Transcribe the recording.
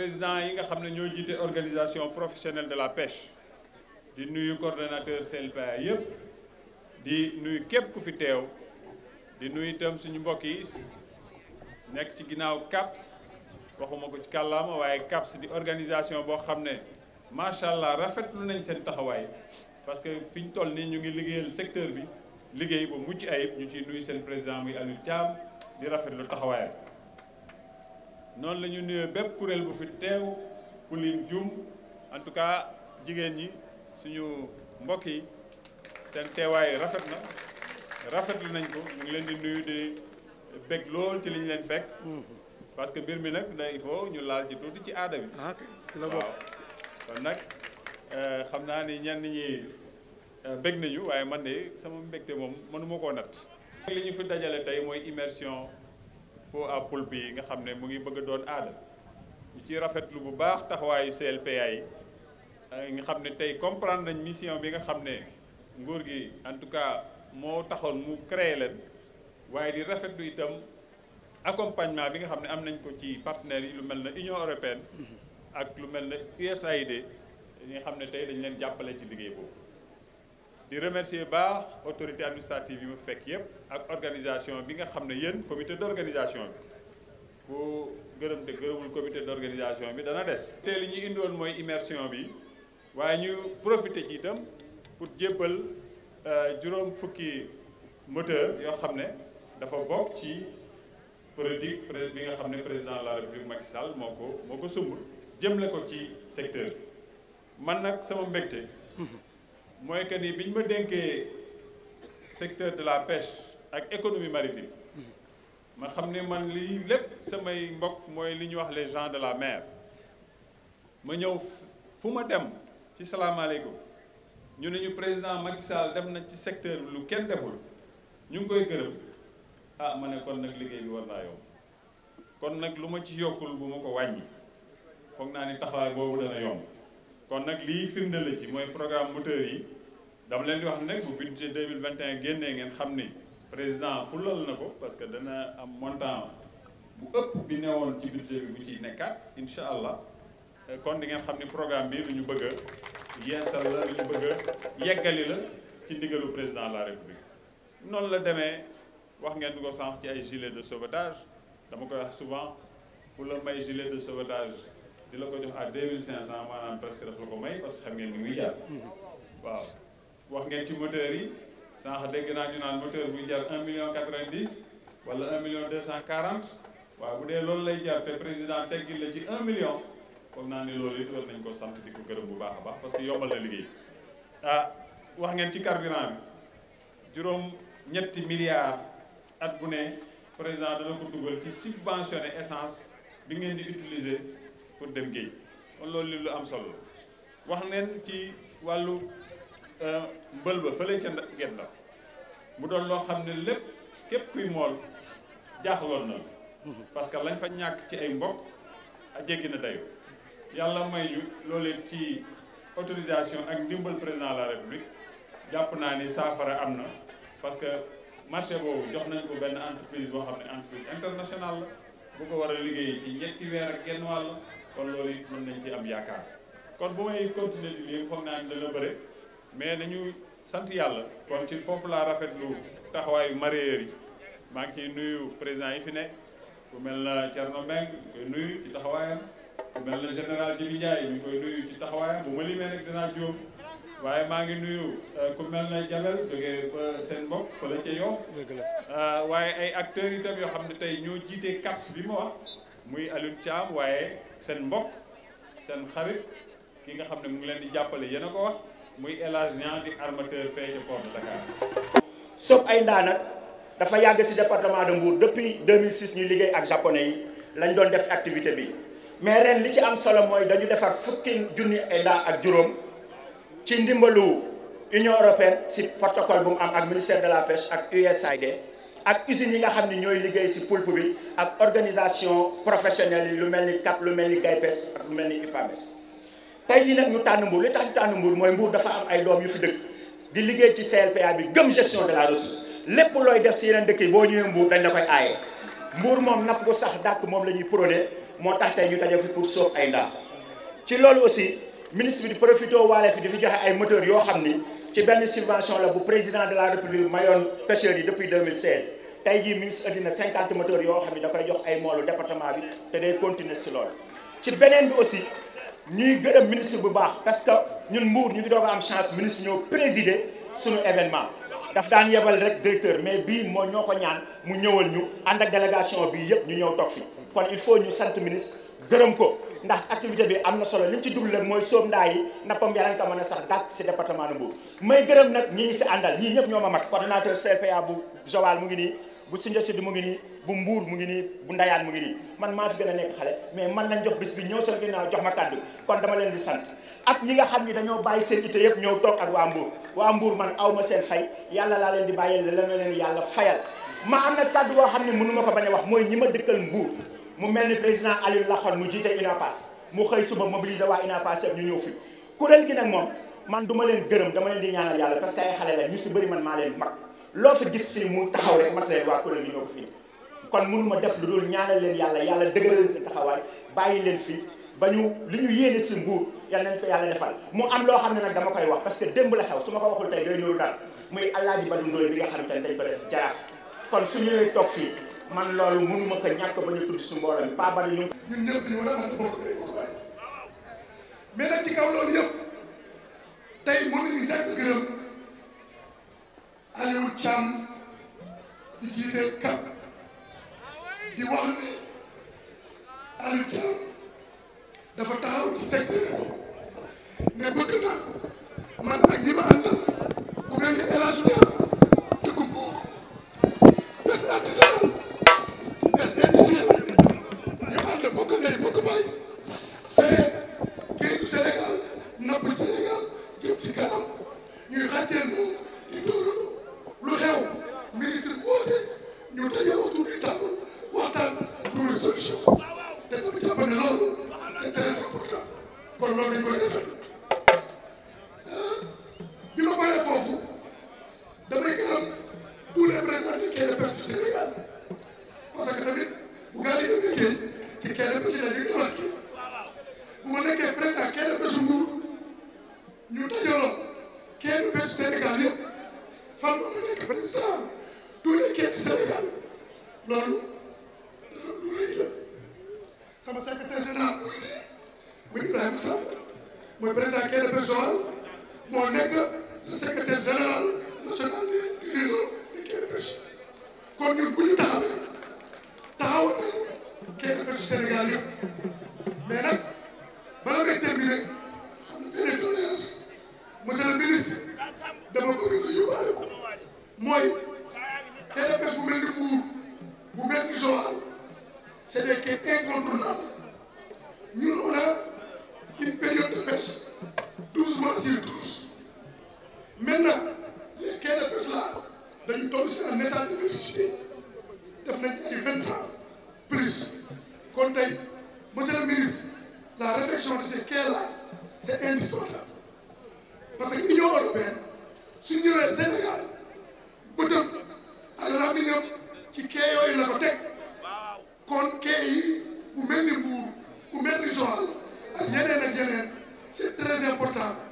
président yi nga xam ne ñoo jiite organisation professionnelle de la pêche di nuyu coordonnateur CLPA yëpp di nuyu képp ku fi teew di nuyu itam suñu mbokk yi nekk ci ginnaaw CAPS waxuma ko ci kàllaama waaye CAPS di organisation boo xam ne macha allah rafetlu nañ seen taxawaay parce que fi ñu toll nii ñu ngi liggéeyal secteur bi liggéey bu mucc ayib ñu ciy nuyu seen président muy Aliou Thiam di lu taxawaayam. noonu lañu ñu nuyoo bépp kuréel bu fi teew ku lim juum en tout cas jigéen ñi suñu mbokk yi seen teewaayu rafet na rafet rafetlu nañ ko ñu leen di nuyu di bég lool ci li leen fekk. Mhm. parce que mbir mi nag day il ñu laal ci tuuti ci aada bi. ci ah, la kon nag euh, xam naa ni ñenn ñi euh, bég nañu waaye man de sama mbégte moom mënuma koo natt. li ñu fi dajale tey mooy immersion. pot à poulpe yi nga xam ne mu ngi bëgg a doon aada ñu ci rafetlu bu baax taxawaayu CLPA yi eh, nga xam ne tey comprendre nañ mission bi nga xam ne nguur gi en tout cas moo taxoon mu créé leen waaye di rafet lu itam accompagnement bi nga xam ne am nañ ko ci partenaires yi lu mel ne Union européenne ak lu mel ne USAID ñi nga xam ne tey dañ leen jàppale ci liggéey boobu di remercier baax autorité administrative bi mu fekk yëpp ak organisation bi nga xam ne yéen comité d'organisation bi ku gërëm te gërëmul comité d'organisation bi dana des te li ñu indoon mooy immersion bi waaye ñu profiter ci itam pour jébbal euh, juróom fukki moteur yoo xam ne dafa bokk ci politique bi nga xam ne président de la république Macky Sall moo ko moo ko sumb jëmle ko ci secteur man nag sama mbégte mhm. mooy que bi ñu ma dénkee secteur de la pêche ak économie maritime ma xam ne man lii lépp samay mbokk mooy li ñuy wax les gens de la mer ma ñëw fu ma dem ci salaamaaleykum ñu ne ñu président Macky Sall def na ci secteur lu kenn deful ñu ngi koy gërëm ah ma ne kon nag liggéey bi war naa yomb kon nag lu ma ci yokkul bu ma ko wàññi foog naa ni taxawaay boobu dana yomb. kon nag lii firnde la ci mooy programme moteur yi dama leen di wax ne bu budget 2021 génnee ngeen xam ni président fulal na ko parce que dana am montant bu ëpp bi newoon ci budget bi bu ciy nekkaat incha allah kon di ngeen xam ni programme bi lu ñu bëgg a la lu ñu bëgg a yeggali la ci ndigalu président la république noonu la demee wax ngeen ko sànq ci ay gilet de sauvetage dama koy wax souvent pour la may gilet de sauvetage di la ko jox a deux mille cinq cent maanaam presque daf la ko may parce que xam ngeen ni muy jaar mm-hmm. waaw wax ngeen ci moteur yi sànq dégg naa ñu naan moteur buy jar un million quatre-vingt-dix wala un million deux cent quarante waaw bu dee loolu lay jar te président teggil la ci un million foog naa ni loolu it war nañ ko sant di ko gërëm bu baax a baax parce que yombal na liggéey ah wax ngeen ci carburant bi juróom ñetti milliards ak bu ne président dana ko dugal ci subventionné essence bi ngeen di utiliser pour dem géej kon loolu li lu am solo wax neen ci wàllu euh, mbël ba fële ca Ndar la mu doon loo xam ne lépp képp kuy mool jaaxaloon na parce que lañ fa ñàkk ci ay mbokk a jéggi na dayu yàlla may ñu loolu ci autorisation ak ndimbal président la république jàpp naa ni saafara am na parce que marché boobu jox nañ ko benn entreprise boo xam ne entreprise internationale bu ko war a liggéey ci ñetti weer ak genn wàll kon loolu it mën nañ ci am yaakaar kon bu may continuer di lii foog naa ne dana bëre mais nañu sant yàlla kon ci foofu laa rafet rafetlu taxawaayu mareyeur yi maa ngi ciy nuyu président yi fi nekk ku mel na Thierno Mbengue koy nuyu ci taxawaayam ku mel na général Djibi Ndiaye ñu koy nuyu ci taxawaayam bu ma limee nag dinaa jóom waaye maa ngi nuyu euh, ku mel na Jabel ba seen bopp fële ca Yoff euh, waaye ay acteurs yi tam yoo xam ne tey ñoo jiitee CAPS bi ma wax muy Alioune Thiam waaye seen mbokk seen xarit ki nga xam ne mu ngi leen di jàppale yéen a ko wax muy El di armateur fee ca port de Dakar. ay ndaa nag dafa yàgg si département de Mbour depuis deux 2006 ñu liggéey ak japonais yi lañ doon def activité bi mais ren li ci am solo mooy dañu defar fukki junni ay ndaa ak juróom ci ndimbalu Union européenne si protocole bu mu am ak ministère de la pêche ak USAID. ak usine yi nga xam ne ñooy liggéey si pulpe bi ak organisation professionnelle yi lu mel ni CAP lu mel ni GAIPES ak lu mel ni UPAMES tey jii nag ñu tànn Mbour li tax ñu tànn Mbour mooy Mbour dafa am ay doom yu fi dëkk di liggéey ci CLPA bi gëm gestion de la ressource lépp looy def si yeneen dëkk yi boo ñëwee Mbour dañ la koy aaye Mbour moom napp ko sax dàkk moom la ñuy prôné moo tax tey ñu daje fi pour sóob ay ndaam ci loolu aussi ministre bi di profité waale fi di fi joxe ay moteur yoo xam ni ci benn subvention la bu président de la république mayoon pêcheurs yi depuis 2016 tey jii ministre indi na 50 moteurs yoo xam ne da jox ay moolu département bi te day continuer si loolu. ci beneen bi aussi ñuy gërëm ministre bu baax parce que ñun Mbour ñu ngi doog a am chance ministre ñoo présider suñu événement daf daan yebal rek directeur mais bii moo ñoo ko ñaan mu ñëwal ñu ànd ak délégation bi yëpp ñu ñëw toog fi kon il faut ñu sant ministre. gërëm ko ndax activité bi am na solo li ñu ci jublu nag mooy sóob ndaa yi nappam yàlla nga ko a sax dàq si département de Mbour ñi si àndal ñii ñëpp ñoo ma mag coordonnateur CPA bu Joal mu ngi nii bu Sindia mu ngi nii bu Mbour mu ngi nii bu Ndayane mu ngi nii man maa fi gën a nekk xale mais man lañ jox bis bi ñëw seen ginnaaw jox ma kàddu kon dama leen di san ak ñi nga xam ni dañoo bàyyi seen ité yëpp ñëw toog ak waa Mbour waa Mbour man aw ma seen fay yàlla laa leen di bàyyee la leen yàlla fayal ma am na kàddu boo xam ne mënu ma ko bañ a wax mooy ñi ma dëkkal Mbour mu mel ni président Aliou Lakhane mu jiite UNAPAS mu xëy suba mobiliser waa UNAPAS yëpp ñu ñëw fi kuréel gi nag moom man du ma leen gërëm dama leen di ñaanal yàlla parce que ay xale la ñu si bëri man maa leen mag loo fi gis fii mu taxaw rek mat leen waa kuréel gi ñëw fi kon mënu def lu dul ñaanal leen yàlla yàlla dëgëral si taxawaay bàyyi leen fi ba ñu li ñu yéene si nguur yal nañ ko yàlla defal mu am loo xam ne nag dama koy wax parce que démb la xew su ma ko waxul tey day ñëw dal nga xam ne dañ ko def toog fii man loolu mënuma ko ñàkk ba ñu tudd si mbooloo mi pas bari ñu. ñun ñëpp ñu war a ànd bokk day bokk bari mais nag ci kaw loolu yëpp tey mënuñu ñàkk gërëm Aliou Thiam di jiite CAP di wax ne Aliou Thiam dafa taxaw ci secteur ci kanam ñuy xàjjandoo di dóorandoo lu xew ministre bu woote ñu daje autour du table waxtaan trouver solution te dama jàpp ne loolu c'est très important kon loolu dañ koy rafetlu ah, bi ma paree foofu damay gërëm tous les présidents quai de pêche du Sénégal parce que tamit bu gaa yi demee ci quai de pêche yi dañuy démarqué bu ma nekkee président quai de décision eh? la kenn bés Sénégal yëpp fan nga ko nekk président tous les kenn du Sénégal loolu lu rëy la sama secrétaire général muy nii muy Ibrahima Sall mooy président kenn bés Joal moo nekk le secrétaire général national eh, du réseau eh. des quais de pêche kon ñun bu ñu taxawee taxawal nañu quai de pêche Sénégal yëpp mais nag indispensable parce que union européenne su ñëwee Sénégal bëtëm ak làmmiñam ci kee la ko teg kon kee yi ku mel ni Mbour ku mel ni Joal ak yeneen yeneen c'est très important